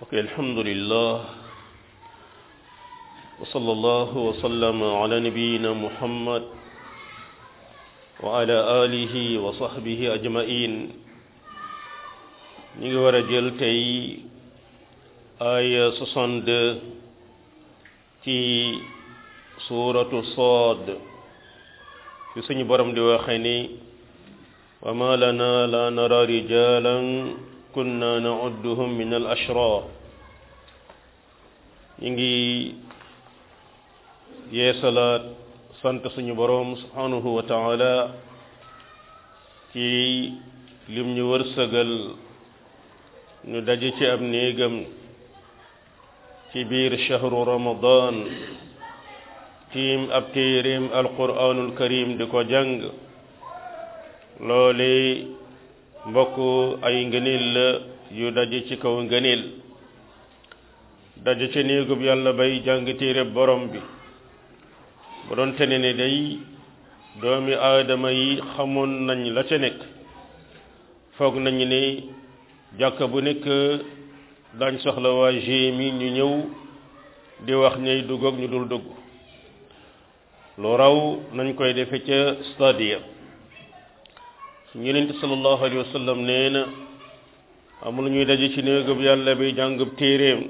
بقي الحمد لله وصلى الله وسلم على نبينا محمد وعلى آله وصحبه أجمعين نيو رجلتي آية سصند تي سورة صاد في سنبرم دواخيني وما لنا لا نرى رجالا kunna nauduhum min al ashrar ñu ngi yeesalaat sant suñu boroom subhanahu wa taala ci lim ñu wërsëgal ñu daje ci ab néegam ci biir shahru ramadan tiim ab téeréem alquraanul karim di ko jàng loole mbokk ay ngëneel la yu daj ci kaw ngëneel daje ca néegub yàlla bay jàng téere borom bi bu doon tene ne day doomi aadama yi xamoon nañ la ca nekk foog nañu ne jàkk bu nekk dañ soxla waa GMI ñu ñëw di wax ñay dugg ak ñu dul dugg lu raw nañ koy defe ca stade yonent sallallahu alayhi wa sallam nee na amul ñuy daje ci néegab yàlla bi jàngab téeréem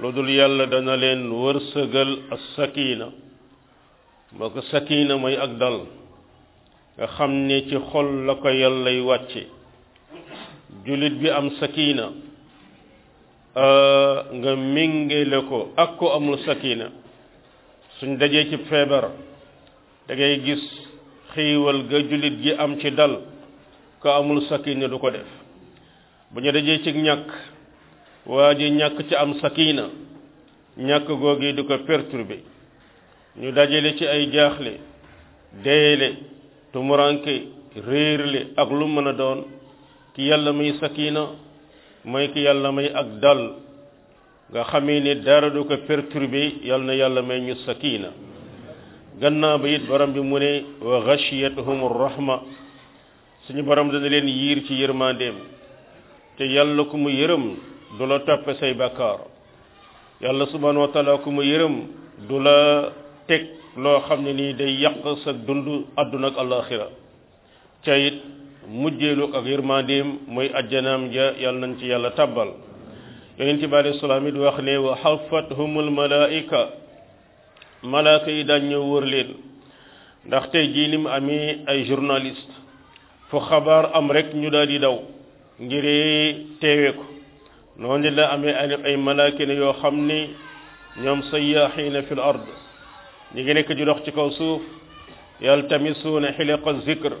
lu dul yàlla dana leen wërsëgal ak sakina boo ko sakina mooy ak dal nga xam ne ci xol la ko yàllay wàcce jullit bi am sakina nga méngale ko ak ko amul sakina suñ dajee ci feebar da gis xiiwal ga jullit gi am ci dal ko amul sakina du ko def bu ñu dajee ci ñàkk waa ji ñàkk ci am sakina ñàkk googi du ko perturber ñu dajale ci ay jaaxle deele tumuranke réerle ak lu mën a doon ki yàlla may sakina mooy ki yàlla may ak dal nga xamee ni dara du ko perturber yal na yàlla may ñu sakina gannaaw ba it borom bi mu ne wa ghashiyatuhum rahma suñu borom dana leen yiir ci yërmandeem te yàlla ku mu yërëm du la toppe say bàkkaar yàlla subhanahu wa taala ku mu yërëm du la teg loo xam ne nii day yàq sa dund àdduna ak alaxira ca it mujjeelu ak yërmandeem mooy ajjanaam ja yàlla ci yàlla tabbal yonent bi alayhi salaam it wax ne wa xafathumul malaika malaaka yi daañ ñëw wër leen ndax te jii ni mu amee ay journaliste fu xabaar am rek ñu daal di daw ngir teewe ko noonu la amee ay malaaka ne yoo xam ni ñoom sayaaxiina fi l ard ñi ngi nekk di dox ci kaw suuf yaltamisuuna xiliqa zikr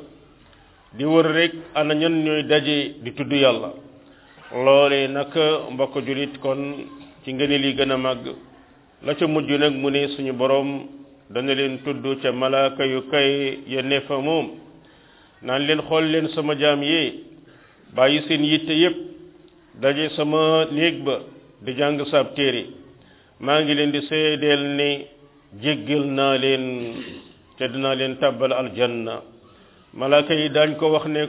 di wër rek ana ñan ñooy daje di tudd yàlla loole nag mbokk julit kon ci ngëneel yi gën a màgg la ca mujj nag mu ne suñu boroom dana leen tudd ca malaaka yu kay ya ne fa moom naan leen xool leen sama jaam yi bàyyi seen yitte yépp daje sama néeg ba di jàng saab téere maa ngi leen di seedeel ne jéggal naa leen te dinaa leen tàbbal aljanna malaaka yi daañ ko wax ne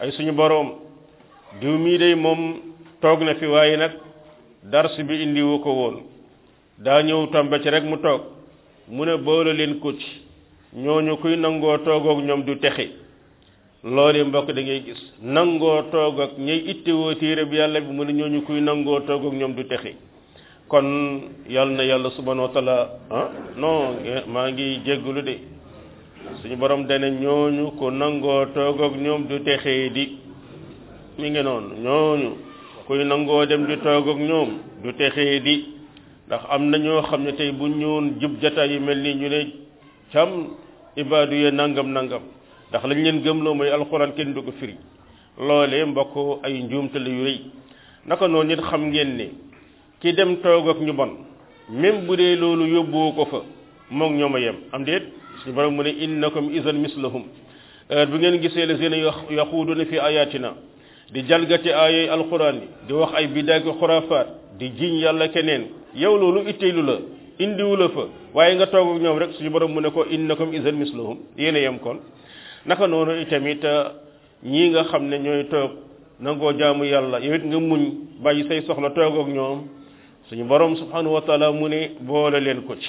ay suñu boroom diw mii day moom toog na fi waaye nag dars bi indiwu ko woon daa ñëw tombe ci rek mu toog mu ne boole leen ko ci ñooñu kuy nangoo toogook ñoom du texi loolu mbokk da ngay gis nangoo toog ak téere bi yàlla bi mu ne ñooñu kuy nangoo toog ñoom du texi kon yal yàlla subhanahu wa taala ah non maa ngi jéggulu de suñu borom dana ñooñu ku nangoo toog ak ñoom du texee di mi ngi noonu ñooñu kuy nangoo dem di toog ñoom du texee di ndax am na ñoo xam ne tey bu ñëwoon jub jataay yu mel nii ñu ne cam ibaadu ya nangam nangam ndax lañ leen gëmloo mooy alxuraan kenn du ko firi loole mbokk ay njuumte la yu rëy naka noonu nit xam ngeen ni ki dem toog ak ñu bon même bu dee loolu yóbbuwoo ko fa moog ñoom a yem am déet suñu borom mu ne comme isan mislahum heure bu ngeen gisee la seen yaxuuduna fi ayatina di jalgati aayay alxuraan yi di wax ay bidaaki xuraafaat di jiiñ yàlla keneen yow loolu itteelu la indiwu la fa waaye nga toog ak ñoom rek suñu borom mu ne ko na innakum izan mislahum yéen a yem kon naka noonu itamit euh, ñii nga xam ne ñooy toog nangoo jaamu yàlla yow it nga muñ bàyyi say soxla toog ak ñoom suñu borom subhanahu wa mu ne boole leen ko ci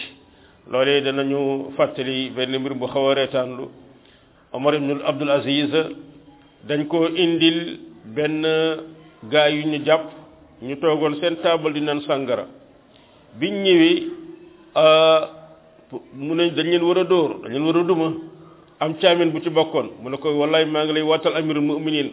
loolee danañu fàttali benn mbir bu xaw a reetaanlu Omar ñu Abdul Aziz dañ ko indil benn gaa yu ñu jàpp ñu toogoon seen taabal di naan sàngara biñ ñëwee euh, mu ne dañ leen war a dóor dañ leen war a duma am caamin bu ci bokkoon mu ne ko wallaay maa ngi lay waatal amirul muminin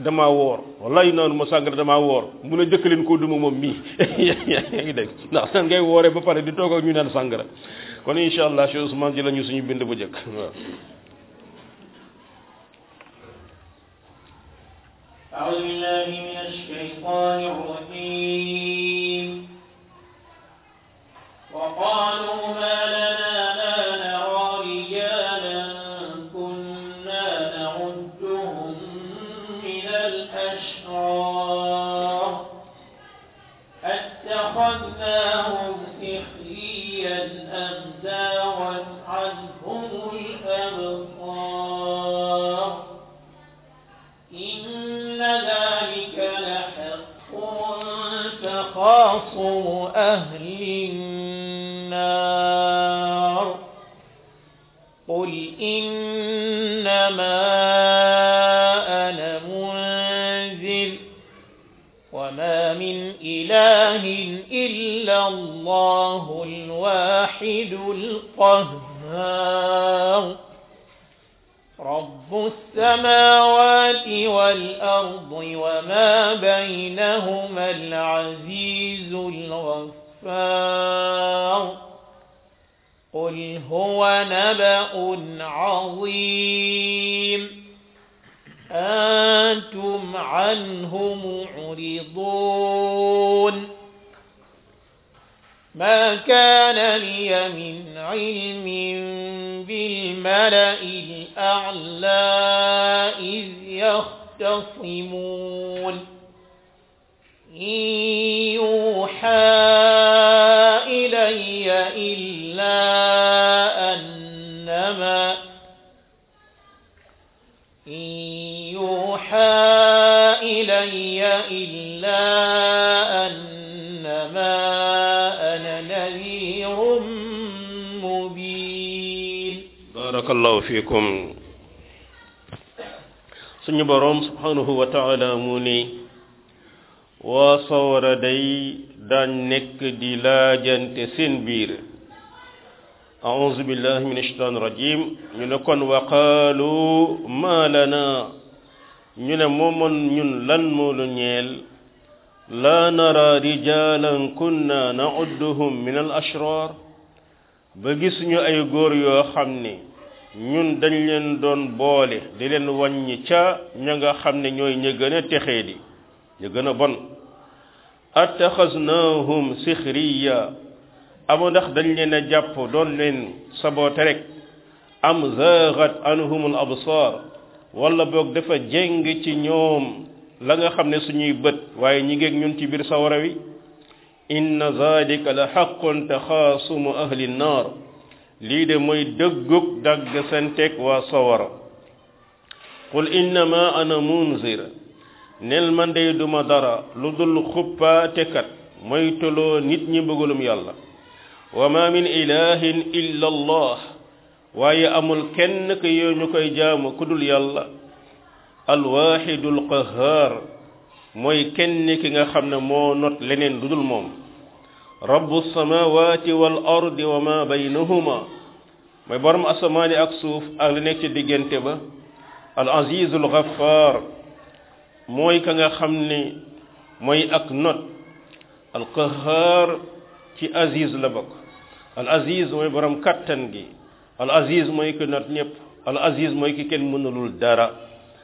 damaa woor wallaay noonu ma sàngara damaa woor mu ne jëkk leen koo duma moom mii yaa ngi dégg ndax nan ngay wooree ba pare di toog ak ñu naan sàngara kon incha allah Cheikh Ousmane ji la ñu suñu bind bu jëkk waaw أهل النار قل إنما أنا منذر وما من إله إلا الله الواحد القهار رب السماوات والأرض وما بينهما العزيز الكفار قل هو نبأ عظيم أنتم عنه معرضون ما كان لي من علم بالملأ الأعلى إذ يختصمون إن يوحى بارك الله فيكم سن بروم سبحانه وتعالى موني وصور دي دان نك دي لا جنت سن بير أعوذ بالله من الشيطان الرجيم نلقن وقالوا ما لنا ñu ne moomoon ñun lan لا نرى رجالا كنا نعدهم من الأشرار na udduhum min al ashrar ñun dañ leen doon boole di leen wàññi ca ña nga xam ne ñooy ña gën a texee di ña gën a bon attaxasnahum sixriya amu ndax dañ leen a jàpp doon leen saboote rek am zaagat anhum al absar wala boog dafa jeng ci ñoom la nga xam ne suñuy bët waaye ñi ngeeg ñun ci biir sawara wi inna zalika la xaqun taxaasumu ahli nnar li de moy dëggug dag santek wa sawar qul innama ana munzir nel man day duma dara ludul dul tekat moy tolo nit ñi bëggulum yàlla wa ma min ilahin illa allah waaye amul kenn ke yo ñukoy koy jaamu ku dul yàlla wahidul qahhar moy kenn ki nga xamne mo not leneen ludul mom rabbu samawati wal ardi wa ma baynahuma mooy borom asamaan yi ak suuf ak li nekk ci diggante ba al azizul ghaffar mooy ka nga xam ni mooy ak not al qahar ci aziz la bokk al aziz mooy borom kattan gi al aziz mooy ki not ñëpp al aziz mooy ki kenn mënulul dara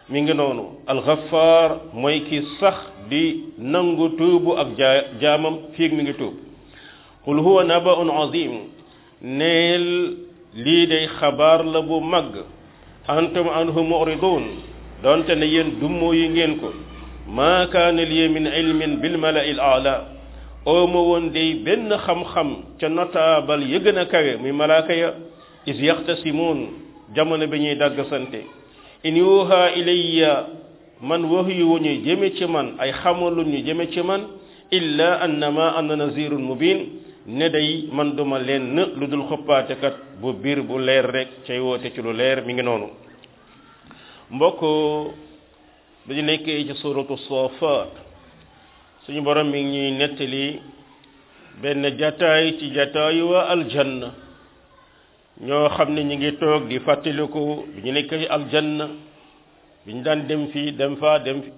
mi ngi noonu al ghaffar mooy ki sax di nangu tuubu ak jaamam fii mi tuub qul huwa nabaun azim neel lii day xabaar la bu màgg antum anhu muridun donte ne yéen dummoo yi ngeen ko maa kaana li min ilmin bil mala'il a'la ooma woon day benn xam-xam ca notaabal ya gën a kawe muy malaaka ya is yaxtasimuun jamono bi ñuy dagg sante in yuha ilayya man waxyu wu ñu jëme ci man ay xamalu ñu jëme ci man illa annama ana nazirun mubin ne day man duma leen lu dul xuppaatekat bu biir bu leer rekk cay woote ci lu leer mi ngi noonu mbokk dañu nekkee ci suratu soofaat suñu borom mi ngi ñuy nettali benn jataay ci jataayu waa aljanna ñoo xam ne ñu ngi toog di fàttaliku bi ñu nekkee aljanna bi ñu daan dem fii dem faa dem fi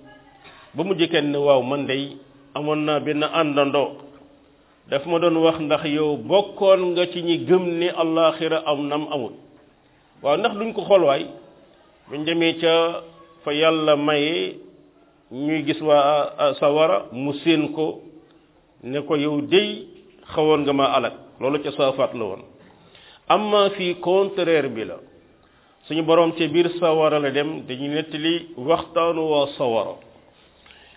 ba mujj kenn waaw man dey amoon naa benn àndandoo daf ma doon wax ndax yow bokkoon nga ci ñi gëm ni allaaxira am nam amul waaw ndax duñ ko xool waay buñ demee ca fa yàlla maye ñuy gis waa sawara mu séen ko ne ko yow dey xawoon nga ma alak loolu ca saafaat la woon amma fii contraire bi la suñu boroom ci biir sawara la dem dañuy nettali waxtaanu waa sawara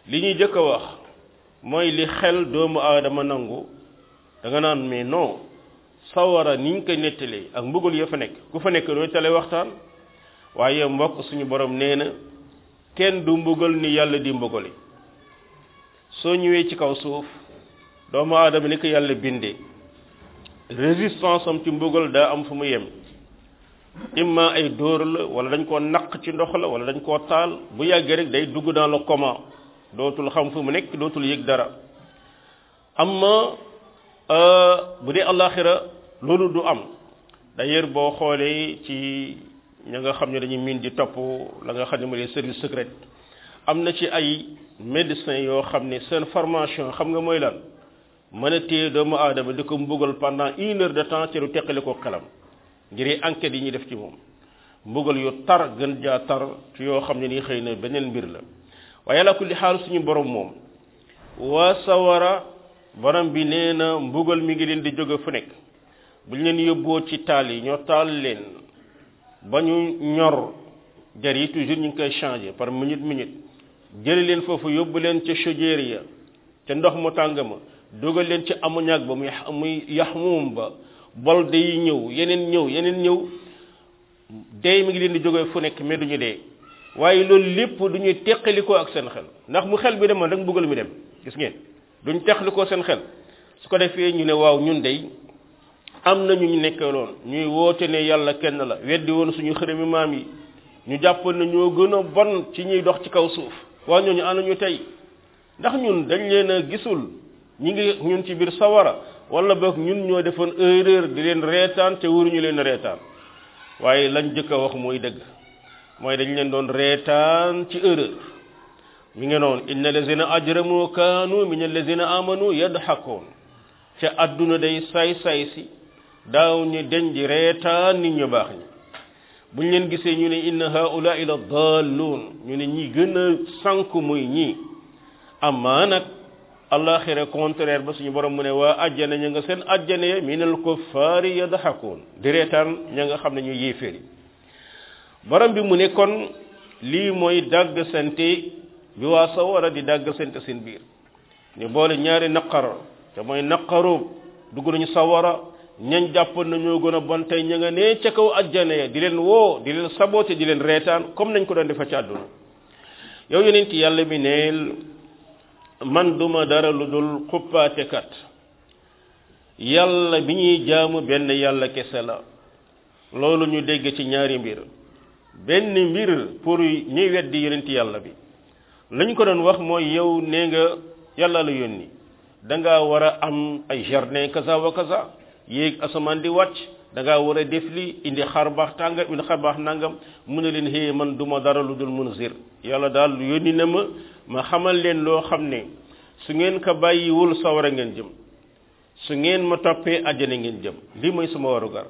li ñuy jëkk a wax mooy li xel doomu aadama nangu da nga naan mais non sawara ni ñu koy nettalee ak mbugal ya fa nekk ku fa nekk dooy tale waxtaan waaye mbokk suñu borom nee na kenn du mbugal ni yàlla di mbugale soo ñëwee ci kaw suuf doomu aadama ni ko yàlla bindee résistance am ci mbugal daa am fu mu yem imma ay dóor la wala dañ koo naq ci ndox la wala dañ koo taal bu yàggee rek day dugg daan le coma dootul xam fu mu nekk dootul yëg dara amma Euh, bu dee àllaaxira loolu du am d'ailleurs boo xoolee ci ña nga xam ne dañuy miin di topp la nga xam ne mooy service secret am na ci ay médecins yoo xam ne seen formation xam nga mooy lan mën a téye doomu aadama di ko mbugal pendant une heure de temps ci lu teqale ko xelam ngir enquêtes yi ñuy def ci moom mbugal yu tar gën jaa tar ci yoo xam ne nii xëy na beneen mbir la waaye la kulli xaal suñu borom moom waa sawara borom bi nee na mbugal mi ngi leen di jóge fu nekk buñ leen yóbboo ci taal yi ñoo taal leen ba ñu ñor jar yi toujours ñu ngi koy changé par minute minute jëli leen foofu yóbbu leen ci chaudière ya ca ndox mu tàng ma dogal leen ci ammoniac ba muy muy yax muum ba bol day ñëw yeneen ñëw yeneen ñëw dee mi ngi leen di jóge fu nekk mais ñu dee waaye loolu lépp du ñuy teqalikoo ak seen xel ndax mu xel bi demoon rek mbugal mi dem gis ngeen duñ texli ko seen xel su ko defee ñu ne waaw ñun dey am na ñu ñu nekkee loon ñuy woote ne yàlla kenn la weddi woon suñu xërëmi maam yi ñu jàpp ne ñoo gën a bon ci ñuy dox ci kaw suuf waa ñooñu ana ñu tey ndax ñun dañ leen a gisul ñu ngi ñun ci biir sawara wala boog ñun ñoo defoon erreur di leen reetaan te ñu leen reetaan waaye lañ jëkk a wax mooy dëgg mooy dañ leen doon reetaan ci erreur mi ngi noonu inna lazina ajramu kaanu min allazina amanu yadhakoon ca adduna day saay-saay si daaw ñu deñ di reetaan nit ñu baax ñi buñ leen gisee ñu ne inna haulaai la dalluun ñu ne ñi gën a sànku muy ñii amaa nag contraire ba suñu borom mu ne waa ajjana ña nga seen ajjana ya minal kuffaari yadhakoon di reetaan ña nga xam ne ñu yéeféer yi borom bi mu ne kon lii mooy dàgg sante bi waa sa wara di dagg seen te seen biir ñu boole ñaari naqar te mooy naqaroo dugg nañu sawara ñañ jàppoon na ñoo gën a bon tey ña nga nee ca kaw àjjana di leen woo di leen sabote di leen reetaan comme nañ ko doon defa ca àdduna yow yeneen ci yàlla mi neel man duma dara lu dul xuppaate kat yàlla bi ñuy jaam benn yàlla kese la loolu ñu dégg ci ñaari mbir benn mbir pour ñuy weddi yeneen ci yàlla bi lañ ko doon wax mooy yow nee nga yàlla la yónni da ngaa war a am ay jardin kaza wa kaza yéeg asamaan di wàcc danga war a def li indi xar baax tàngam indi xar baax nangam mu ne leen xëy man du ma dara lu dul munzir yàlla daal yónni na ma ma xamal leen loo xam ne su ngeen ko bàyyiwul sawara ngeen jëm su ngeen ma toppee àjjana ngeen jëm lii mooy sama warugar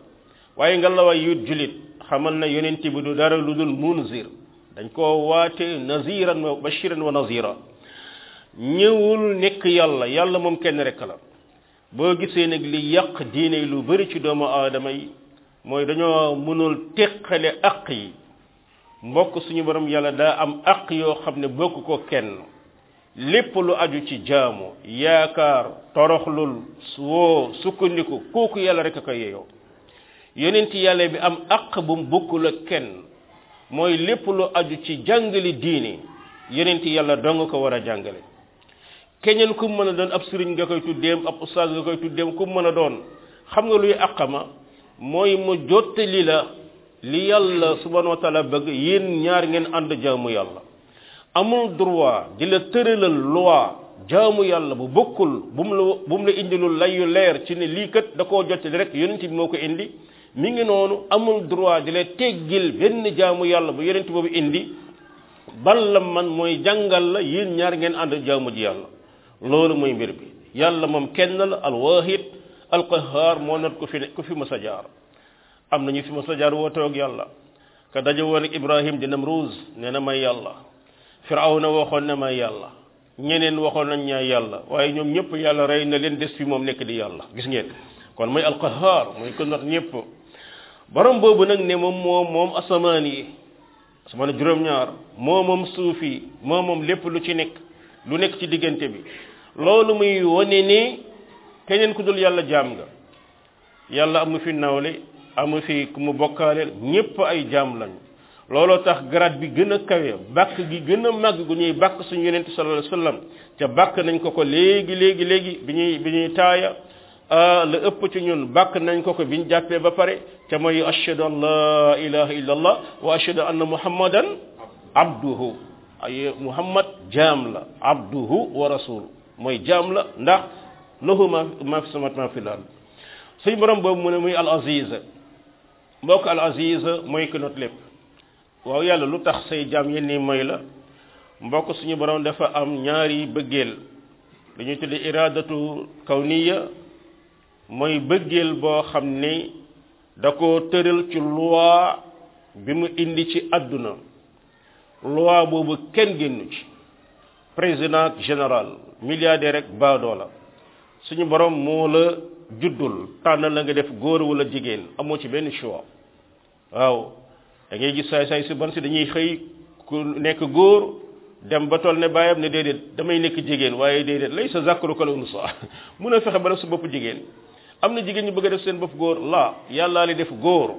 waaye nga la waay yu jullit xamal na yeneen bi du dara lu dul munzir dañ koo waate naziran wa bashiran wa nazira ñëwul nekk yàlla yàlla moom kenn rek la boo gisee nag li yàq diine lu bari ci doomu aadama yi mooy dañoo mënul teqale aq yi mbokk suñu borom yàlla daa am aq yoo xam ne bokk ko kenn lépp lu aju ci jaamu yaakaar toroxlul woo sukkandiku kooku yàlla rek a ko yeyoo yonent yàlla bi am aq bu mu bokkul ak kenn mooy lépp lu aju ci jàngale diine yonent yàlla nga ko war a jàngale keneen ku mën a doon ab sëriñ nga koy tuddeem ab ustaas nga koy tuddeem ku mën a doon xam nga luy àqama mooy mu jottali la li yàlla subhanahu wa taala bëgg yéen ñaar ngeen ànd jaamu yàlla amul droit di la tëralal loi jaamu yàlla bu bokkul bu mu la bu mu la indilul layu leer ci ne lii kat da koo jottali rek yonent bi moo ko indi mi ngi noonu amul droit di la teggil benn jaamu yàlla bu yonent boobu indi ban la man mooy jàngal la yéen ñaar ngeen ànd jaamu ji yàlla loolu mooy mbir bi yàlla moom kenn la alwaahid alqahaar moo not ku fi ku fi mës a jaar am nañu fi mës a jaar wootoo ak yàlla ka daje woon ak ibrahim di namruuz nee na may yàlla na waxoon na may yàlla ñeneen waxoon nañ ñaay yàlla waaye ñoom ñëpp yàlla rey na leen des fi moom nekk di yàlla gis ngeen kon mooy alqahaar borom boobu nag ne moom moom moom asamaan yi asamaan juróom-ñaar moo moom suuf moo moom lépp lu ci nekk lu nekk ci diggante bi loolu muy wone ni keneen ku dul yàlla jaam nga yàlla amu fi nawle amu fi ku mu bokkaaleel ñépp ay jaam lañu looloo tax grade bi gën a kawe bàkk gi gën a màgg gu ñuy bàkk suñu yonente sallallahu alayhi wasallam ca bàkk nañ ko ko léegi léegi léegi bi ñuy bi ñuy taaya la ëpp ci ñun bàkk nañ ko ko biñ jàppee ba pare te mooy ashhadu an la ilaha illa allah wa ashhadu anna muhammadan abduhu ay muhammad jaam la abduhu wa rasul mooy jaam la ndax lahu ma ma fi samat ma fi laan suñ borom boobu mu ne muy al aziz mooy ki not lépp waaw yàlla lu tax say jaam yenn nii mooy la mbokk suñu borom dafa am ñaari bëggeel dañuy tudde iradatu kawniya mooy bëggeel boo xam ne da ko tëral ci loi bi mu indi ci àdduna loi boobu kenn génnu ci président général milliardaire rek baadoo la suñu boroom moo la juddul tànn la nga def góor wala jigéen amoo ci benn choix waaw dangay gis saay saay si ban si dañuy xëy ku nekk góor dem ba toll ne bàyyam ne déedéet damay nekk jigéen waaye déedéet lay sa zakkaru kal unsa mun a fexe ba def sa bopp jigéen am na jigéen ñu bëgg a def seen bopp góor la yàllaa li def góor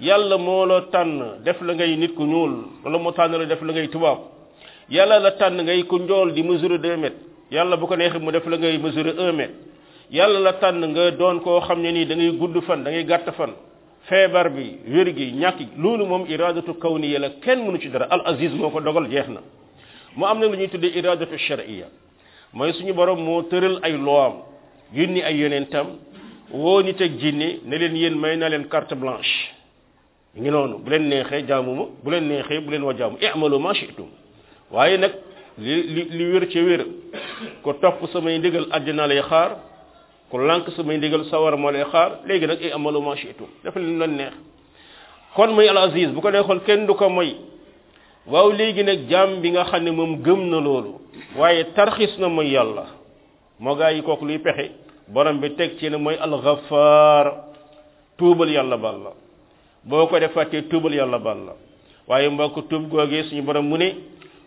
yàlla moo la tànn def la ngay nit ku ñuul wala moo tànn def la ngay tubaab yàlla la tànn ngay ku njool di mesure deux mètres yàlla bu ko neexee mu def la ngay mesure un mètre yàlla la tànn nga doon koo xam ne nii da gudd fan da ngay gàtt fan feebar bi wér gi ñàkk loolu moom kaw kawniya la kenn mënu ci dara al aziz moo ko dogal jeex na mu am na lu ñuy tuddee iradatu charia mooy suñu borom moo tëral ay loam ni ay yonentam woo nit ak jinne ne leen yéen may na leen carte blanche ñu ngi noonu bu leen neexee jaamu ma bu leen neexee bu leen wa jaamu i'malu ma shi'tum waaye nag li li li wér ci wér ko topp may ndigal àddina lay xaar lank lànk may ndigal sawar moo lay xaar léegi nag i'malu ma shi'tum dafa leen lan neex kon muy al aziz bu ko neexoon kenn du ko moy waaw léegi nag jàmm bi nga xam ne moom gëm na loolu waaye tarxis na mooy yàlla moo gaa yi kooku luy pexe borom bi teg ci ne mooy alxafaar tuubal yàlla baal la boo ko def fàttee tuubal yàlla baal waaye mbokk tuub googee suñu borom mu ne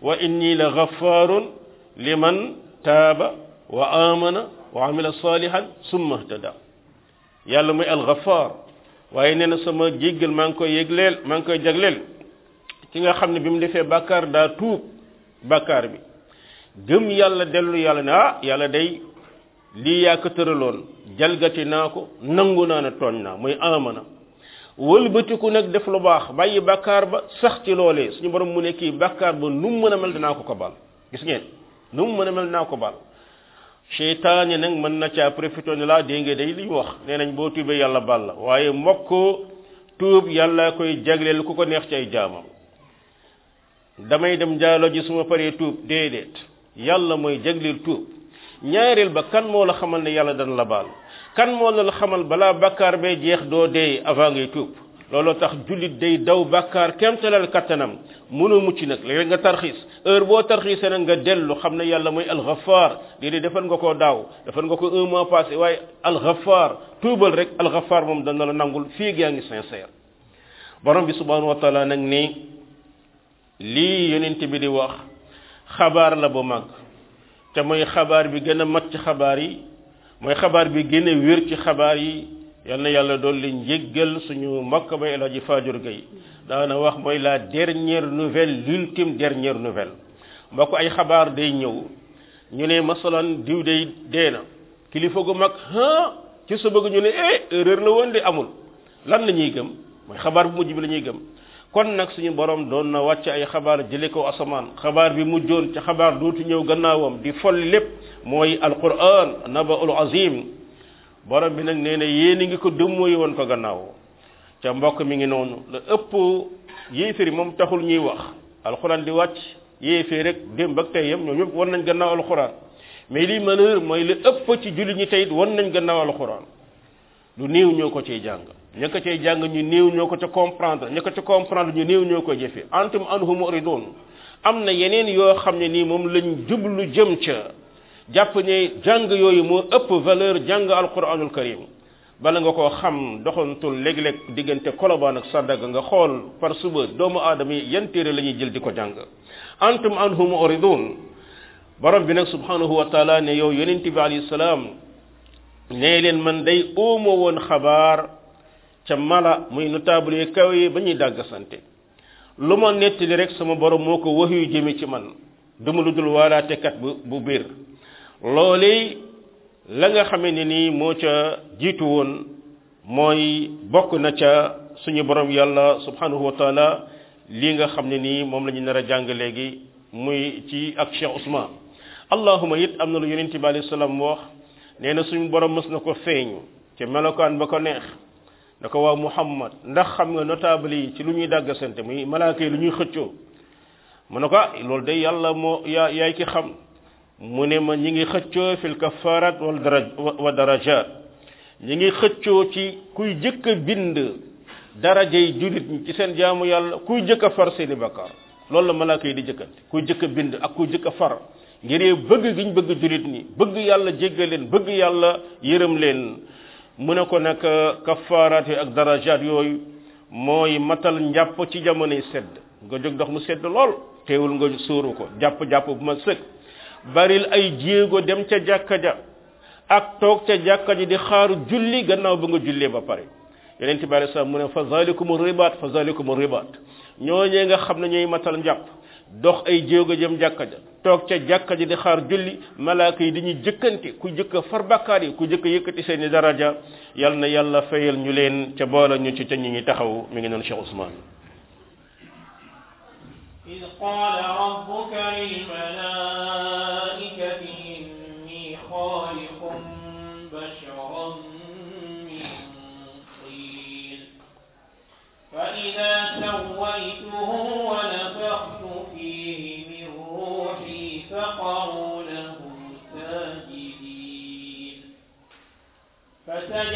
wa inni la xafaarun liman taaba wa amana wa amila salihan summa htada yàlla mooy alxafaar waaye nee na sama jéggal maa ngi koy yégleel maa ngi koy jagleel ki nga xam ne bi mu defee bàkkaar daa tuub bàkkaar bi gëm yàlla dellu yàlla ne ah yàlla day lii yaa ko tëraloon jalgati naa ko nangu naa ne tooñ naa muy amana wëlbatiku nag def lu baax bàyyi bakar ba sax ci loolee suñu borom mu ne kii bakar ba nu mu mën a mel dinaa ko ko baal gis ngeen nu mu mën a mel dinaa ko baal seytaane nag mën na caa profité ne laa dégg nga day li wax nee nañ boo tuubee yàlla bal la waaye mokk tuub yàlla koy jagleel ku ko neex ci ay jaamam damay dem jaalo ji suma paree tuub déedéet yàlla mooy jagleel tuub ñaareel ba kan moo la xamal ne yàlla dana la baal kan moo la xamal balaa bàkkaar bee jeex doo dee avant ngay tuub looloo tax jullit day daw bàkkaar kemtalal kattanam mënoo mucc nag léeg nga tarxiis heure boo tarxiisee nag nga dellu xam ne yàlla mooy alxafaar lii de defal nga ko daaw defal nga ko un mois passé waaye alxafaar tuubal rek alxafaar moom dana la nangul fii yaa ngi sincère borom bi subhanahu wa nag ni lii yonent bi di wax xabaar la bu mag te mooy xabaar bi gën a mat ci xabaar yi mooy xabaar bi gën a wér ci xabaar yi yal na yàlla dolli njéggal suñu mbokk ba El Hadji Fadiouth Gueye daana wax mooy la dernière nouvelle l'ultime dernière nouvelle mbokk ay xabaar day ñëw ñu ne masalan diw day dee na kilifa gu mag ah ci sa bëgg ñu ne eh erreur la woon de amul lan la ñuy gëm mooy xabaar bu mujj bi la ñuy gëm kon nag suñu borom doon na wàcc ay xabaar jële ko asamaan xabaar bi mu mujjoon ci xabaar duutu ñëw gannaawam di fol lépp mooy alquran nabaul azim borom bi nag nee na yéen a ngi ko dëmmooyu woon ko gannaaw ca mbokk mi ngi noonu la ëpp yéeféri moom taxul ñuy wax alquran di wàcc yéeféer rek démb ak tey yam ñoom ñëpp wan nañ gannaaw alquran mais lii malheur mooy la ëpp ci julli ñu tey wan nañ gannaaw alquran lu néew ñoo ko ciy jàng ña ko cay ñu néew ñoo ko ca comprendre ña ko ca comprendre ñu néew ñoo ko jëfe antum anhu muridun am na yeneen yoo xam ne nii moom lañ jublu jëm ca jàpp ne jàng yooyu moo ëpp valeur jàng alquranul karim bala nga koo xam doxantul léeg-léeg diggante kolobaan ak Sandaga nga xool par suba doomu aadama yi yan téere la ñuy jël di ko jàng antum anhu muridun borom bi nag subhanahu wa ne yow yeneen bi alayhi salaam nee leen man day oomo woon xabaar ca mala muy notable yi kaw yi ba ñuy dàgg lu ma nettali rek sama borom moo ko wax yu jëme ci man duma lu dul waalaatekat bu bu biir loolee la nga xamee ne nii moo ca jiitu woon mooy bokk na ca suñu borom yàlla subhanahu lii nga xam ne nii moom la ñu nar a jàng léegi muy ci ak Cheikh Ousmane allahuma it am na lu yonente bi alayhi salaam wax nee na suñu borom mës na ko feeñ ca melokaan ba ko neex ne ko waaw Muhammad ndax xam nga notable yi ci lu ñuy dàggasante muy malaaka lu ñuy xëccoo mu ne ko ah loolu de yàlla moo yaa yaay ki xam mu ne ma ñu ngi xëccoo fil kafarat wal daraj wa darajat ñi ngi xëccoo ci kuy jëkk bind daraja yi jullit ci seen jaamu yàlla kuy jëkk a far seeni bakkaar loolu la malaaka yi di jëkkante kuy jëkk a bind ak kuy jëkk a far ngir bëgg giñ bëgg jullit ñi bëgg yàlla jéggal leen bëgg yàlla yërëm leen mu ne ko nag euh, kafaaraat yooyu ak darajaat yooyu mooy matal njàpp ci jamonoy sedd nga jog ndox mu sedd lool teewul nga suuru ko jàpp jàpp bu ma sëg baril ay jéego dem ca jàkka ja ak toog ca jàkka ji di xaaru julli gannaaw ba nga jullee ba pare yonent bi alei salaam mu ne fa zalikum ribaat fa zalikum ribaat ñooñee nga xam ne ñooy matal njàpp dox ay jéego jëm jàkka ja toog ca jàkka ja di xaar julli malaaka yi dañuy jëkkante ku jëkk far bakkaar yi ku jëkk yëkkati seeni daraja yal na yàlla fayal ñu leen ca boola ñu ci ca ñi ngi taxaw mi ngi noonu cheikh ousmane إذ قال ربك للملائكة إني خالق بشرا فإذا سويته ونفخت فيه من روحي ساجدين فسجد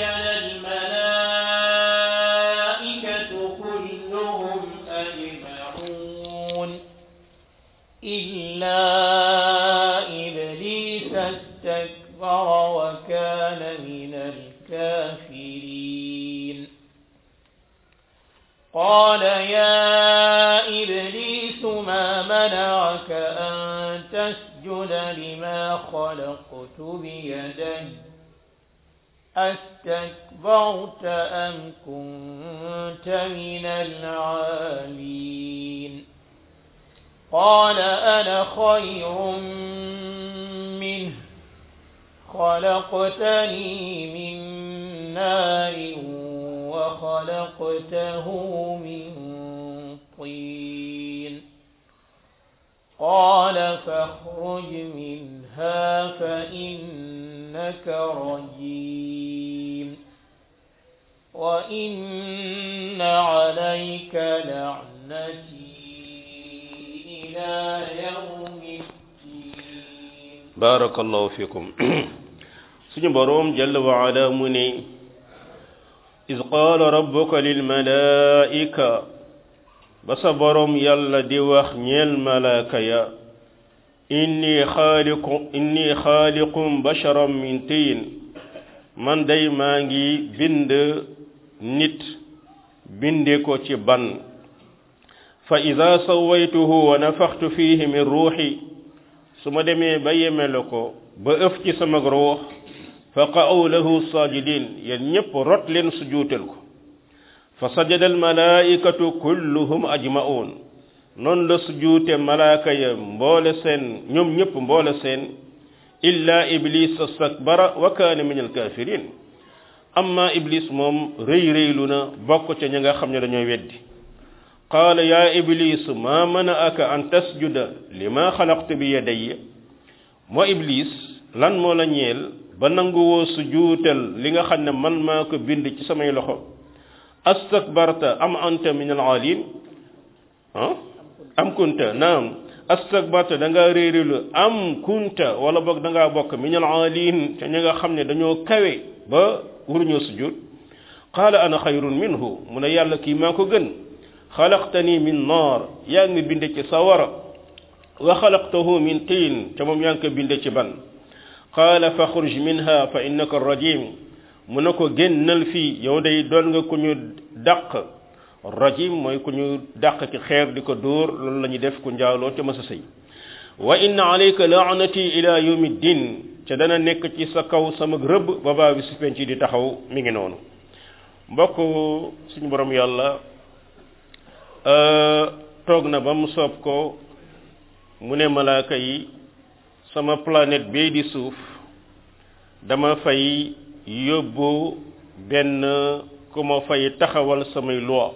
أخذت بيدي أستكبرت أم كنت من العالين قال أنا خير منه خلقتني من نار وخلقته من طين قال فاخرج منه فاصبرها فإنك رجيم وإن عليك لعنتي إلى يوم الدين بارك الله فيكم سني بروم جل وعلا مني إذ قال ربك للملائكة بس بروم يلا دي وخ نيل ملائكة إني خالق إني خالق بشرا من تين من داي ماغي بند نيت بند كو تي بان فاذا سويته ونفخت فيه من روحي سما دمي با يملكو با افتي سما روح فقعوا له ساجدين يل نيب رتلن سجودلكو فسجد الملائكه كلهم اجمعون noonu la sujuute malaaka ya mboole seen ñoom ñëpp mboole seen illa iblis astakbara wa kaana min alkafirin amma iblis moom rëy rëylu na bokk ca ña nga xam ne dañooy weddi qaala yaa iblis ma manaaka an tasjuda lima xalaqtu bi yadayya moo iblis lan moo la ñeel ba nanguwoo sujuutal li nga xam ne man maa ko bind ci samay loxo astakbarta am anta min alalin ah am kunta naam astakbarta da ngaa réerilu am kunta wala boog da bokk min al aliin te ñi nga xam ne dañoo kawe ba waruñoo sujud qaala ana xayrun minhu mu ne yàlla kii maa ko gën xalaqtani min naar yaa ngi binde ci sawara wa xalaqtahu min tiin te moom yaa ngi ko binde ci ban qaala faxruj minha fa innaka rajim mu ne ko génnal fii yow day doon nga ku ñu dàq rajim mooy ku ñu dàq ci xeer di ko dóor loolu la def ku njaaloo te mës a sëy wa inna alayka laanati ila yawmi din ca dana nekk ci sa kaw sama rëbb ba baa bi si penc di taxaw mi ngi noonu mbokk suñu borom yàlla euh, toog na ba mu soob ko mu ne malaaka yi sama planète bii di suuf dama fay yóbbu benn ku ma fay taxawal samay loi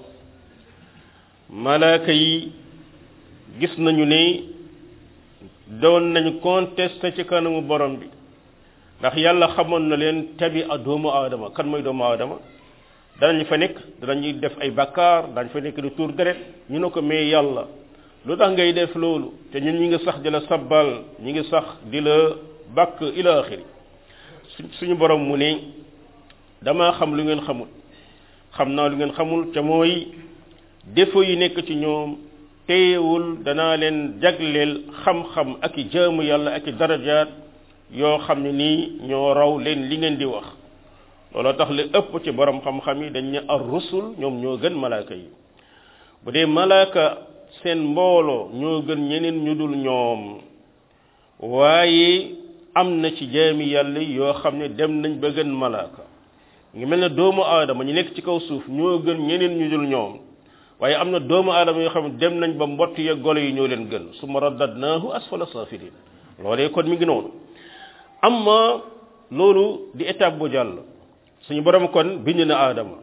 malaaka yi gis nañu ne doon nañu contesté ci kanamu borom bi ndax yàlla xamoon na leen tabi a doomu aadama kan mooy doomu aadama danañ fa nekk danañuy def ay bakkaar dañ fa nekk di tuur deret ñu ne ko mais yàlla lu tax ngay def loolu te ñun ñi ngi sax di la sabbal ñu ngi sax di la bàkk ila axiri suñu borom mu ne damaa xam lu ngeen xamul xam naa lu ngeen xamul te mooy défaut yi nekk ci ñoom téyewul danaa leen jagleel xam-xam ak i jaamu yàlla ak i darajaat yoo xam ne nii ñoo raw leen li ngeen di wax looloo tax li ëpp ci boroom xam-xam yi dañ ne ar rusul ñoom ñoo gën malaaka yi bu dee malaaka seen mbooloo ñoo gën ñeneen ñu dul ñoom waaye am na ci jaami yàlla yoo xam ne dem nañ ba gën malaaka ngi mel ne doomu aadama ñu nekk ci kaw suuf ñoo gën ñeneen ñu dul ñoom waaye am na doomu aadama yoo xam ne dem nañ ba mbott ya golo yi ñoo leen gën summa raddadnaahu asfala safilin loolee kon mu ngi noonu amma loolu di étape bu jàll suñu boroom kon bind na aadama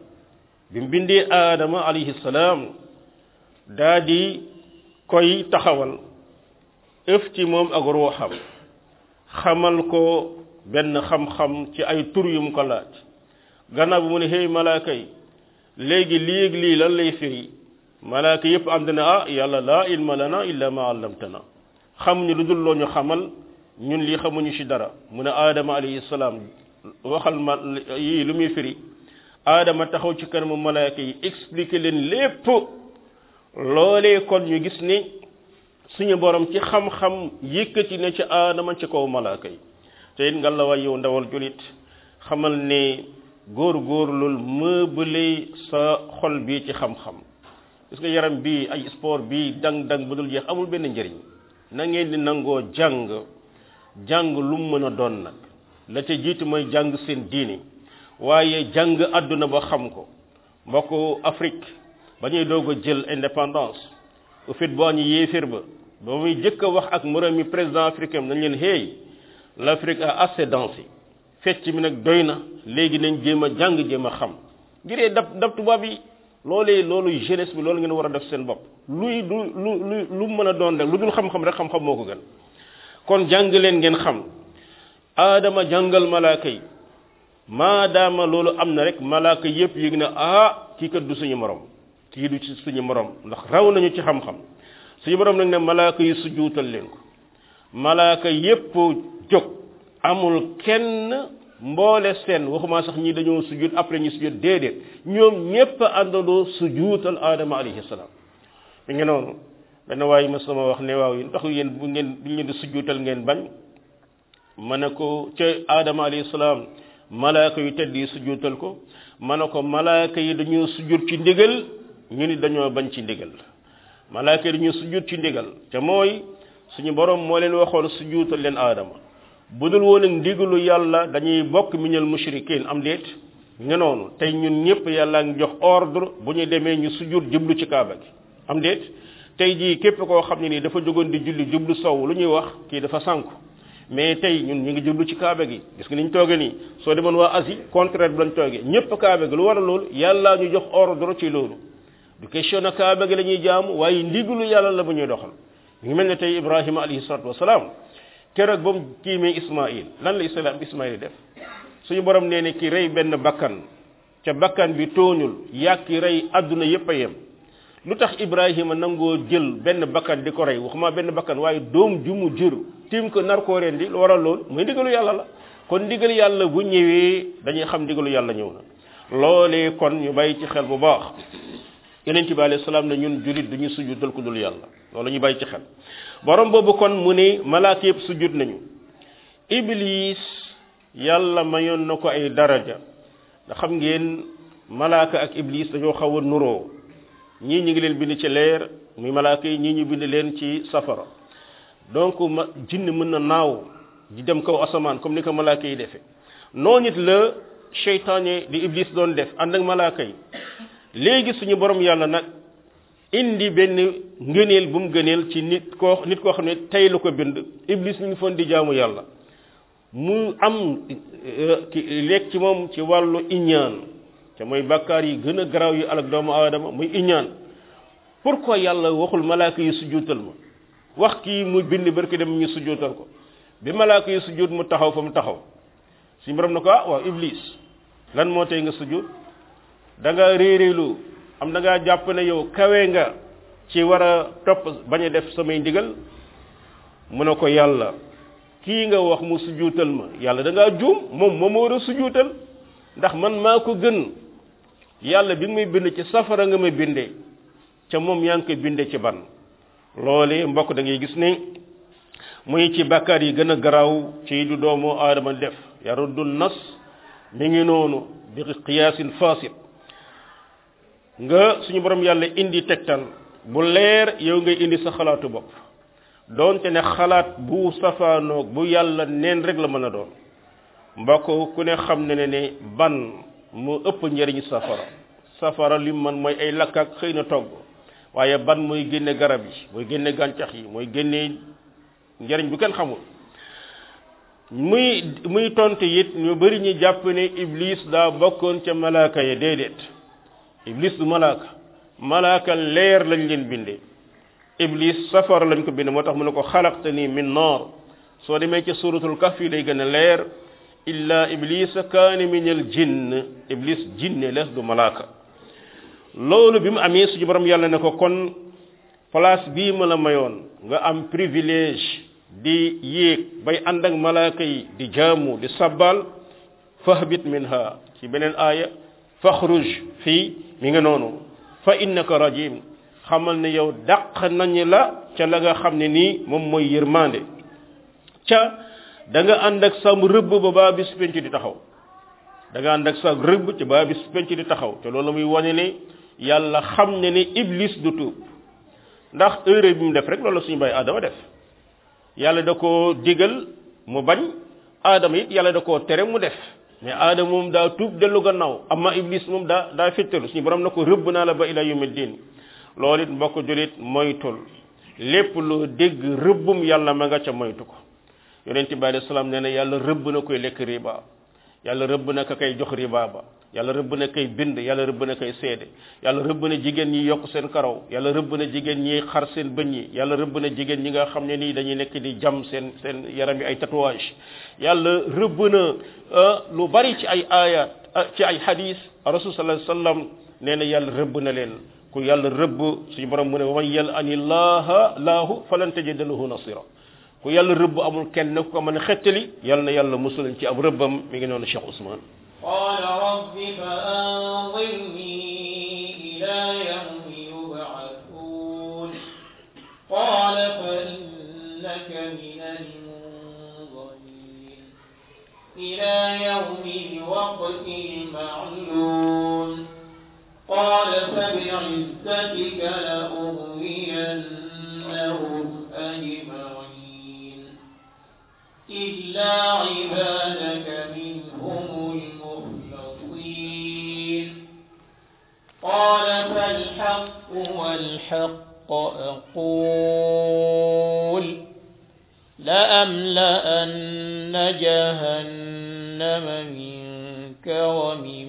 bi mu bindee aadama alayhi salaam daa di koy taxawal ëf moom ak ruuxam xamal ko benn xam-xam ci ay tur yu mu ko laaj gannaaw bi mu ne hey malaaka léegi lii ak lii lan lay firi malaaka yëpp ànd na ah yàlla laa ilma lana illa ma allamtana xamuñu lu dul loo ñu xamal ñun lii xamuñu ci dara mu ne aadama alayhi salaam waxal ma yii lu muy firi aadama taxaw ci kanamu malaaka yi expliquer leen lépp loole kon ñu gis ni suñu boroom ci xam-xam yëkkati na ci aadama ci kaw malaaka yi te it nga la waay yow ndawal julit xamal ni góor góorlul meubale sa xol bii ci xam-xam gis nga yaram bii ay sport bi dang-dang ba dul jeex amul benn njëriñ nangeen di nangoo jàng jàng lu mu mën a doon nag la ca jiitu mooy jàng seen diini waaye jàng àdduna ba xam ko mbokku Afrique ba ñuy doog ko jël indépendance u fit boo ñu yéefir ba ba muy jëkk a wax ak moroom yi président africain nañ leen hey l'Afrique a assez dansé fecc mi nag doy na léegi nañ jéem a jàng jéem a xam ngiree dab dab tubaab yi loolee loolu jeunesse bi loolu ngeen war a def seen bopp luy lu lu lu lu mën a doon rek lu dul xam-xam rek xam-xam moo ko gën kon jàng leen ngeen xam aadama jàngal malaaka yi maadaama loolu am na rek malaaka yépp yëg na ah kii kat du suñu moroom kii du ci suñu moroom ndax raw nañu ci xam-xam suñu morom nag ne malaaka yi su juutal leen ko malaaka yépp jóg amul kenn mboole seen waxumaa sax ñi dañoo sujud après ñu sujud déedéet ñoom ñépp a àndandoo sujuutal aadama alayhi salaam mi ngi noonu benn waaye ma sama wax ne waaw yéen taxu yéen bu ngeen bu ngeen di sujuutal ngeen bañ ma ne ko ca aadama alayhi salaam malaaka yu tedd yi sujuutal ko ma ne ko malaaka yi dañoo sujud ci ndigal ñu ni dañoo bañ ci ndigal malaaka yi dañoo sujud ci ndigal te mooy suñu borom moo leen waxoon sujuutal leen aadama bu dul woon ak ndigalu yàlla dañuy bokk minal mushrikin am déet ñu ne tey ñun ñëpp yàlla ngi jox ordre bu ñu demee ñu sujur jublu ci kaaba gi am déet tey jii képp koo xam ne nii dafa jógoon di julli jublu sow lu ñuy wax kii dafa sànku mais tey ñun ñu ngi jublu ci kaaba gi gis nga ni ñu toogee nii soo demoon waa Asie contraire bi lañ toogee ñëpp kaaba gi lu war a loolu yàllaa ñu jox ordre ci loolu du question na kaaba gi la ñuy jaamu waaye ndigalu yàlla la bu ñuy doxal ñu ngi mel ne tey Ibrahima alayhi salatu keroog ba mu tiimee Ismaïl lan la islam Ismaïl def suñu borom nee ne ki rey benn bakkan ca bakkan bi tooñul yaa ki rey àdduna yépp a yem lu tax Ibrahima nangoo jël benn bakkan di ko rey waxuma benn bakkan waaye doom ju mu jur tiim ko nar koo rendi lu waral loolu muy ndigalu yàlla la kon ndigal yàlla bu ñëwee dañuy xam ndigalu yàlla ñëw na loolee kon ñu bàyyi ci xel bu baax yonent bi alayhi salaam na ñun jullit duñu dël ku dul yàlla loolu ñu bàyyi ci xel borom boobu kon mu ne malaaka yëpp sujjut nañu iblis yàlla mayoon na ko ay daraja da xam ngeen malaaka ak iblis dañoo xaw a nuroo ñii ñi ngi leen bind ci leer muy malaaka yi ñii ñu bind leen ci safara donc ma jinn mën na naaw di dem kaw asamaan comme ni ko malaaka yi defee noo nit la cheytaane di iblis doon def ànd ak malaaka yi léegi suñu borom yàlla nag indi benn ngëneel bu mu gëneel ci nit ko nit koo xam ne tey lu ko bind iblis mi ngi foon di jaamu yàlla mu am euh, lekk ci moom ci wàllu iñaan te mooy bàkkaar yi gën a garaaw yi alak doomu aadama muy pour pourquoi yàlla waxul malaaka yi sujjuutal ma wax kii mu bind barki dem ñu sujjuutal ko bi malaaka yi sujjuut mu taxaw fa mu taxaw suñu borom na ko ah waaw iblis lan moo tey nga sujjuut da réeréelu am da ngaa jàpp yow kawe nga ci war a topp bañ a def samay ndigal mu ne ko yàlla kii nga wax mu sujuutal ma yàlla da ngaa juum moom moo ma war a sujuutal ndax man maa ko gën yàlla bi nga may bind ci safara nga may binde ca moom yaa ngi koy binde ci ban loole mbokk dangay ngay gis ne ngi ci bàkkaar yi gën a garaaw ci du doomu aadama def du nas mi ngi noonu bi qiyaasin fasid nga suñu boroom yàlla indi tegtal bu leer yow ngay indi sa xalaatu bopp doonte ne xalaat bu safaanoog bu yàlla neen rek la mën a doon mbokk ku ne xam ne ne ne ban mu ëpp njariñ safara safara li man mooy ay lakk ak xëy na togg waaye ban mooy génne garab yi mooy génne gàncax yi mooy génne njariñ bu kenn xamul muy muy tontu it ñu bari ñu jàpp ne ibliis daa bokkoon ca malaaka ya déedéet iblis du malaaka malaaka leer lañ leen bindee iblis safara lañ ko bind moo tax mu ne ko xalaqtani min naar soo demee ci suratul kaf yi day gën a leer illa iblis kaani min al jinn jinne la du malaaka loolu bi mu amee suñu borom yàlla ne ko kon place bii ma la mayoon nga am privilège di yéeg bay ànd ak malaaka di jaamu di sabbal fahbit minha ci beneen aaya faxruj fii mi ngi noonu fa innaka rajim xamal na yow dàq nañ la ca la nga xam ne nii moom mooy yërmande ca danga ànd ak sam rëbb ba baa bis penc di taxaw da nga ànd ak sam rëbb ca baa bis penc di taxaw te loolu muy wane ne yàlla xam ne ni iblis du tuub ndax erreur bi mu def rek loolu suñu bàyyi aadama def yàlla da koo digal mu bañ aadama it yàlla da koo tere mu def mais aadama moom daa tuub dellu gannaaw amma iblis moom daa daa féttalu suñu borom na ko rëbb naa la ba ila yawmi diin loolu it mbokk jullit moytul lépp loo dégg rëbbum yàlla ma nga ca moytu ko yonent bi alayhi salaam nee na yàlla rëbb na koy lekk riba yàlla rëbb na ko koy jox riba ba yàlla rëbb ne kay bind yàlla rëbb ne kay sédé yàlla rëbb ne jigen ñi yok seen karaw yàlla rëbb ne jigen ñi xar seen bëñ yi yàlla rëbb ne jigen ñi nga xamné ñi nga xamne ni dañuy nekk di jam seen seen yaram yi ay tatouage yàlla rëbb ne lu bari ci ay aya ci ay hadith rasul sallallahu alayhi wasallam neena yàlla rëbb ne len ku yàlla rëbb suñu borom mu ne wa yal anillaha lahu falan tajida lahu nasira ku yàlla rëbb amul kenn ko man a xettali yàlla yàlla musulan ci am rëbbam mi ngi non cheikh ousmane قال رب فأنظرني إلى يوم يبعثون قال فإنك من المنظرين إلى يوم الوقت المعلوم قال فبعزتك لأغفر الحق أقول لأملأن جهنم منك ومن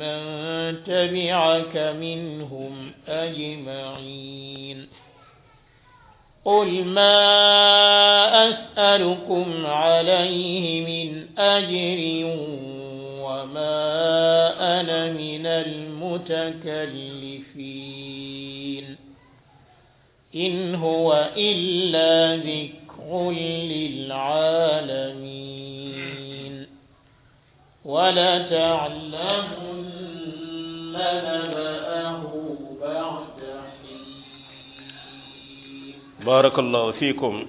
من تبعك منهم أجمعين قل ما أسألكم عليه من أجر وما أنا من المتكلم إن هو إلا ذكر للعالمين ولتعلمن نبأه بعد حين بارك الله فيكم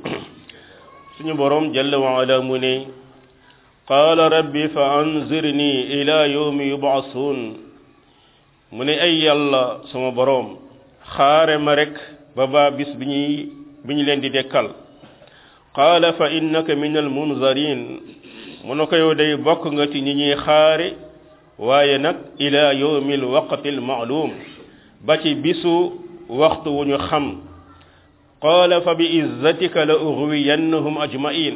سنبرم جل وعلا مني قال ربي فأنذرني إلى يوم يبعثون من أي الله سما بروم خارم رك ba ba bis bi ñuy bi ñu leen di dekkal qaala fa innaka min al munzarin mu ne ko day bokk nga ci ñi ñuy xaari waaye nag ila yawmi al waqti al maalum ba bisu waxtu wu ñu xam qaala fa bi izzatika la ughwiyannahum ajmain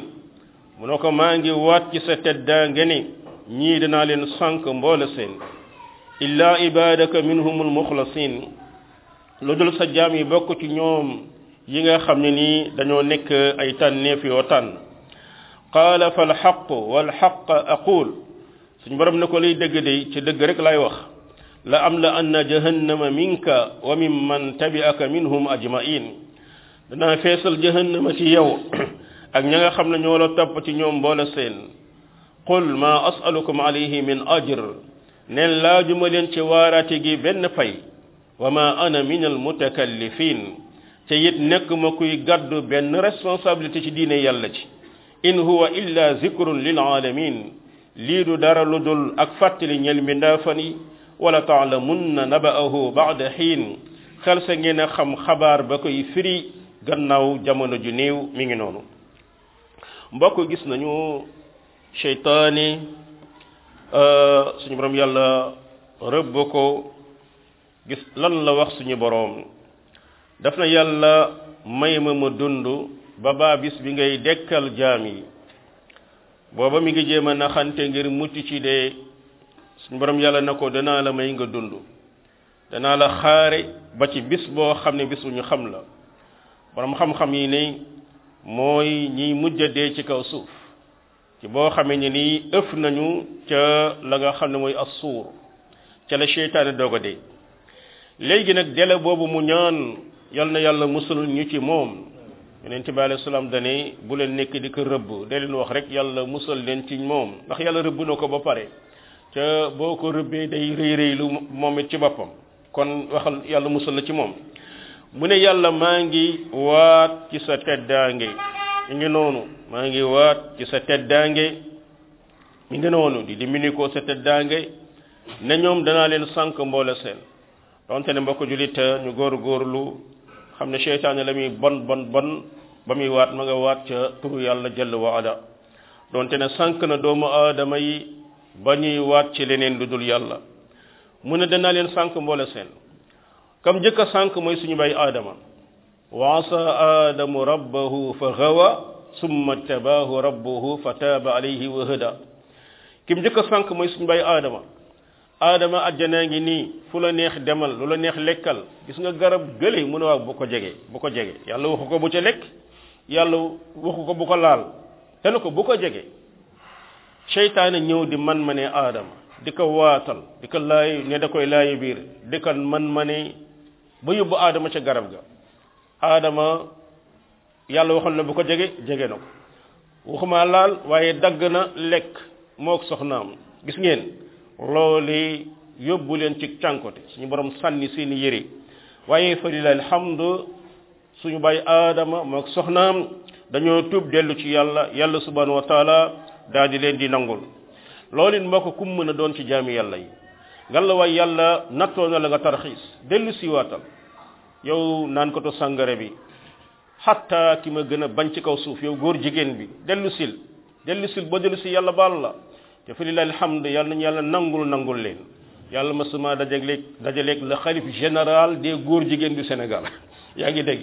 mu ne ko maa ngi waat ci sa teddaange ni ñii dinaa leen sànq mboole seen illa ibadaka minhum al muxlasin lu dul sa yi bokk ci ñoom yi nga xam ne nii dañoo nekk ay tànneef yoo tànn qaala fa alxaq walxaq aqul suñ borom ne ko liy dëgg ci dëgg rek lay wax la am la anna jahannama minka wa min man tabi'aka minhum ajmain danaa feesal jahannama ci yow ak ña nga xam ne ñoo la topp ci ñoom boole seen qul ma asalukum alayhi min ajr neen laajuma leen ci waaraate gi benn fay wa ma ana min al mutakallifin te it nekk ma kuy gàddu benn responsabilité ci diine yàlla ci in huwa illa zikrun lil alamin lii du dara lu ak ak fàttali ñel mbindaafan yi wala taalamunna naba'ahu ba'da xiin xel sa ngeen a xam xabaar ba koy firi gannaaw jamono ju niw mi ngi noonu mbokk gis nañu seytaane euh, suñu borom yàlla rëbb ko gis lan la wax suñu boroom daf na yàlla may ma ma dund ba baa bis bi ngay dekkal jaam yi booba mi ngi jéem naxante ngir mucc ci de suñu boroom yàlla na ko danaa la may nga dund danaa la xaare ba ci bis boo xam ne bis bu ñu xam la boroom xam-xam yi ni mooy ñiy mujj de ci kaw suuf ci boo xamee ne nii ëf nañu ca la nga xam ne mooy as suur ca la seytaane doog a dee léegi nag dele boobu mu ñaan yal na yàlla musul ñu ci moom yonent bi alayhi salaam dane bu leen nekk di ko rëbb de leen wax rek yàlla musal leen ci moom ndax yàlla rëbb na ko ba pare ca boo ko rëbbee day rëy rëy lu moom ci boppam kon waxal yàlla musal la ci moom mu ne yàlla maa ngi waat ci sa teddaange mi ngi noonu maa ngi waat ci sa teddaange mi ngi noonu di diminuer ko sa teddaange ne ñoom danaa leen sànq mboole seen donte ne mbokk jullit ñu góor góorlu xam ne seytaane la mi bon bon bon ba muy waat ma nga waat ca turu yàlla jëll wa ala donte ne sànq na doomu aadama yi ba ñuy waat ci leneen lu dul yàlla mu ne naa leen sànq mboole seen kam njëkk a sànq mooy suñu bay aadama wa asa aadamu rabbahu fa gawa summa tabaahu rabbuhu fa taaba alayhi wa hada kim njëkk a sànq mooy suñu bay aadama aadama ajjanaa ngi nii fu la neex demal lu la neex lekkal gis nga garab gële mu ne waaw bu ko jege bu ko jege yàlla waxu ko bu ca lekk yàlla waxu ko bu ko laal te ne ko bu ko jege seytaane ñëw di man ma ne aadama di ko waatal di ko laay ne da koy laayi biir di ko man ma ne ba yóbbu aadama ca garab ga aadama yàlla waxoon na bu ko jege jege na ko waxuma laal waaye dagg na lekk mook soxnaam gis ngeen loolee yóbbu leen ci cànkote suñu borom sànni seeni yére waaye fa lillahi alhamdu suñu bàyyi aadama mook soxnaam dañoo tuub dellu ci yàlla yàlla subhanahu wa taala daal di leen di nangul loolu it mbokk kum mën a doon ci jaami yàlla yi ngan la waay yàlla nattoo na la nga tarxiis dellu siwaatal yow naan ko to sàngare bi xatta ki ma gën a bañ ci kaw suuf yow góor jigéen bi dellu sil dellu sil ba dellu si yàlla baal la te fa lillahi alhamd yàlla nañu yàlla nangul nangul leen yàlla masuma dajaleeg dajaleeg le xalif général des góor jigéen du Sénégal yaa ngi dégg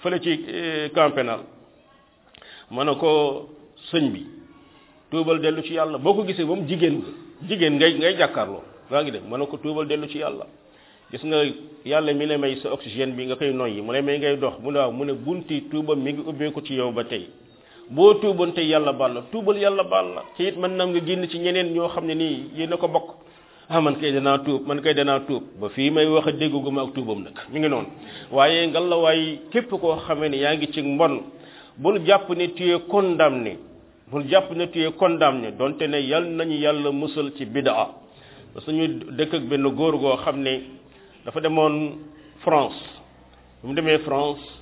fële ci eh, camp pénal ma ne ko sëñ bi tuubal dellu ci yàlla boo ko gisee moom jigéen jigéen ngay ngay jàkkaarloo yaa ngi dégg ma ne ko tuubal dellu ci yàlla gis nga yàlla mi lay may sa oxygène bi nga koy noyyi mu lay may ngay dox mu ne waaw mu ne bunti tuubam mi ngi ubbeeku ci yow ba tey boo tuuboon tey yàlla baal la tuubal yàlla baal la ci it mën na génn ci ñeneen ñoo xam ne nii yéen ko bokk ah man kay danaa tuub man kay danaa tuub ba fii may wax a déggu ma ak tuubam nag mu ngi noonu waaye ngal la képp koo xame ne yaa ngi ci mbon bul jàpp ne tu es condamné bul jàpp ne tu es condamné donte ne yal nañu yàlla musal ci bidaa suñu dëkk ak benn góor goo xam ne dafa demoon France bu mu demee France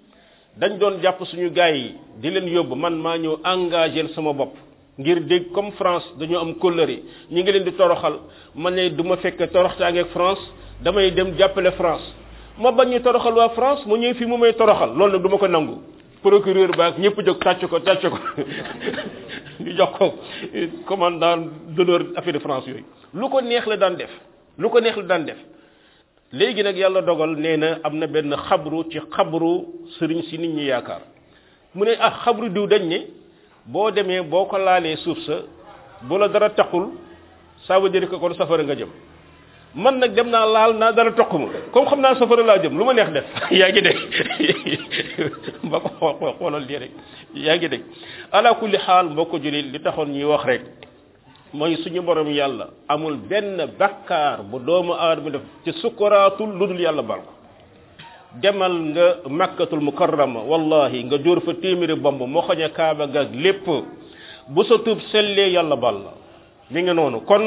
dañ doon jàpp suñu gaay yi di leen yóbbu man maa ñëw engagé sama bopp ngir dégg comme France dañoo am kóllëre ñu ngi leen di toroxal man ne du ma fekk toroxtaangeeg France damay dem jàppale France ma bañ ñu toroxal waa France mu ñëw fii mu may toroxal loolu nag duma ko nangu procureur baak ñëpp jog tàcc ko tàcc ko ñu jox ko commandant d'honneur affaire de France yooyu lu ko neex la daan def lu ko neex la daan def léegi nag yàlla dogal nee na am na benn xabru ci xabru sëriñ si nit ñi yaakaar mu ne ah xabru diw dañ ni boo demee boo ko laalee suuf sa bu la dara taxul ça veut dire que kon safara nga jëm man nag dem naa laal naa dara toq ma comme xam naa safara laa jëm lu ma neex def yaa ngi dégg ba ko xoolal lii rek yaa ngi dégg ala kulli xaal mbokk jullit li taxoon ñuy wax rek mooy suñu boroom yàlla amul benn bakkaar bu doomu aadama def ci sukkuraatul lu dul yàlla bal ko demal nga makkatul mukarrama wallahi nga jóor fa téeméeri bomb moo xañe kaaba ga ak lépp bu sa tuub sellee yàlla bal la mi ngi noonu kon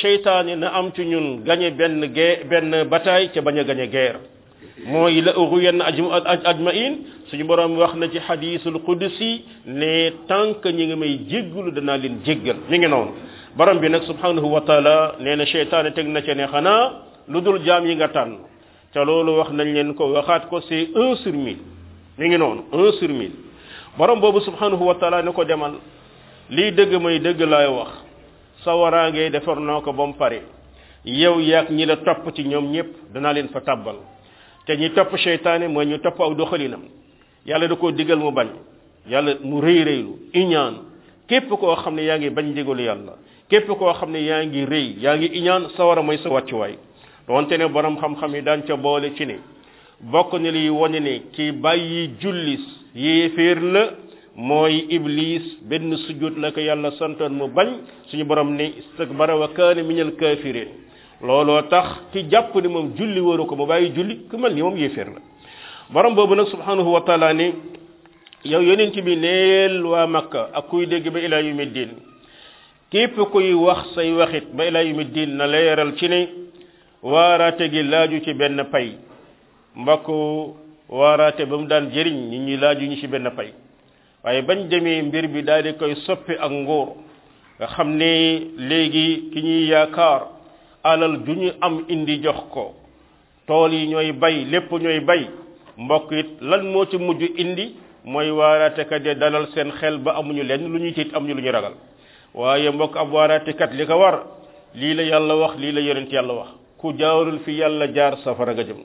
seytaane na am ci ñun gañe benn gee benn bataille ca bañ a gañe guerre mooy la ughwiyanna ajmain suñu borom wax na ci xadiisul qudsi ne tànk ñi ngi may jéggalu danaa leen jéggal mi ngi noonu borom bi nag subhanahu wa taala nee na seytaane teg na ca ne xanaa lu dul jaam yi nga tànn ca loolu wax nañ leen ko waxaat ko c'est un sur mille mi ngi noonu un sur mille borom boobu subhanahu wa taala ne ko demal lii dëgg may dëgg laay wax sawaraangee defar naa ko ba mu pare yow yaag ñi la topp ci ñoom ñëpp danaa leen fa tàbbal te ñi topp seytaane mooy ñu topp aw doxalinam yàlla da koo digal mu bañ yàlla mu rëy rëylu iñaan képp koo xam ne yaa ngi bañ ndigalu yàlla képp koo xam ne yaa ngi rëy yaa ngi iñaan sawara mooy sa wàccuwaay donte ne boroom xam-xam yi daan ca boole ci ne bokk na liy wane ne ki bàyyi jullis yéeféer la mooy iblis benn sujjóot la ko yàlla santoon mu bañ suñu borom ne istakbara wa kaana minal kaafiriin looloo tax ki jàpp ni moom julli waru ko mu bàyyi julli ku mel ni moom yéeféer la borom boobu nag subhanahu wa taala ni yow yonent bi neel waa makka ak kuy dégg ba ilaa yumi diin képp kuy wax say waxit ba ilaa yumi diin na leeral ci ne waaraate gi laaju ci benn pay mbokk waaraate bam mu daan jëriñ ni ñi laaju ñu ci benn pay waaye bañ demee mbir bi daal di koy soppi ak nguur xam ni léegi ki ñuy yaakaar alal du ñu am indi jox ko tool yi ñooy bay lépp ñooy bay mbokk it lan moo ci mujj indi mooy waaraatekat ya dalal seen xel ba amuñu leen lu ñuy am ñu lu ñu ragal waaye mbokk ab waaraatekat li ko war lii la yàlla wax lii la yonent yàlla wax ku jaarul fi yàlla jaar safara nga jëm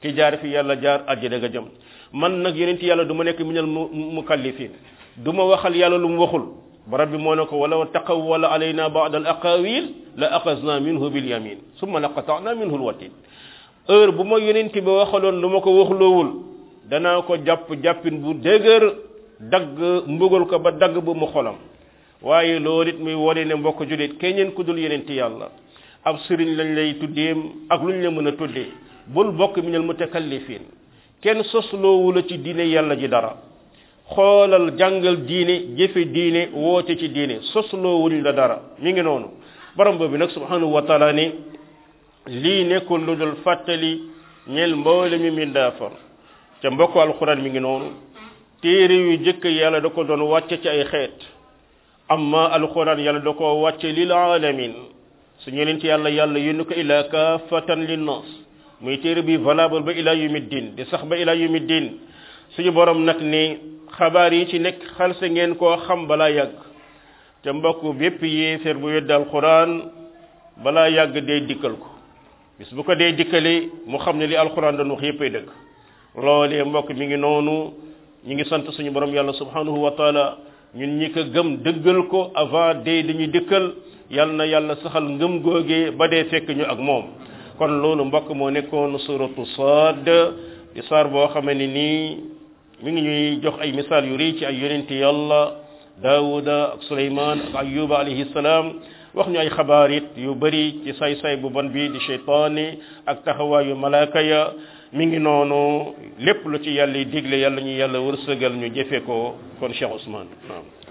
ki jaar fi yàlla jaar àjjana nga jëm man nag yeneen yonent yàlla du ma nekk minal mu mukallifin du ma waxal yàlla lu mu waxul برب مونكو ولو تقول علينا بعض الاقاويل لاخذنا منه باليمين ثم لقطعنا منه الوتين اور بوما يونتي بي واخالون لوماكو واخلوول دانا كو جاب جابين بو دغر دغ مبوغول كو با دغ بو مو واي لوليت مي وولي ني مبوكو جوليت كينين كودول يونتي يالا اب سيرين لاني لاي توديم اك لون لي مونا تودي بول بوك مينال متكلفين كين سوسلوول تي دين يالا جي دارا xoolal jàngal diine jëfe diine woote ci diine sosloo wuñ la dara mi ngi noonu borom boobu nag subhanahu wa taala ni lii nekkul lu dul fàttali ñel mboole mi mindaafar te mbokku alxuraan mi ngi noonu téere yu jëkk yàlla da ko doon wàcce ci ay xeet amma alxuraan yàlla da ko wàcce lil alamin su ñeneen ci yàlla yàlla yónni ko ila kaafatan linnas muy téere bi valable ba ila yawmi din di sax ba ila yawmi din suñu borom nag ni xabaar yi ci nekk xalse ngeen koo xam balaa yàgg te mbokk bépp yéeféer bu weddi alxuraan balaa yàgg day dikkal ko bis bu ko dee dikkalee mu xam ne li alxuraan doon wax yéppay dëgg loolee mbokk mi ngi noonu ñu ngi sant suñu boroom yàlla subhanahu wa taala ñun ñi ko gëm dëggal ko avant dee dañuy dëkkal yal na yàlla saxal ngëm googee ba dee fekk ñu ak moom kon loolu mbokk moo nekkoon suratu Saad di saar boo xamee nii mi ngi ñuy jox ay misaal yu rëy ci ay yonente yàlla daawuda ak suleymaan ak ayuba alayhi wax ñu ay xabaar it yu bëri say-say bu bon bi di cheytaani ak taxawaayu malaaka ya mi ngi noonu lépp lu ci yàlla digle yàlla ñu yàlla wërsëgal ñu jëfe ko kon Cheikh Ousmane naam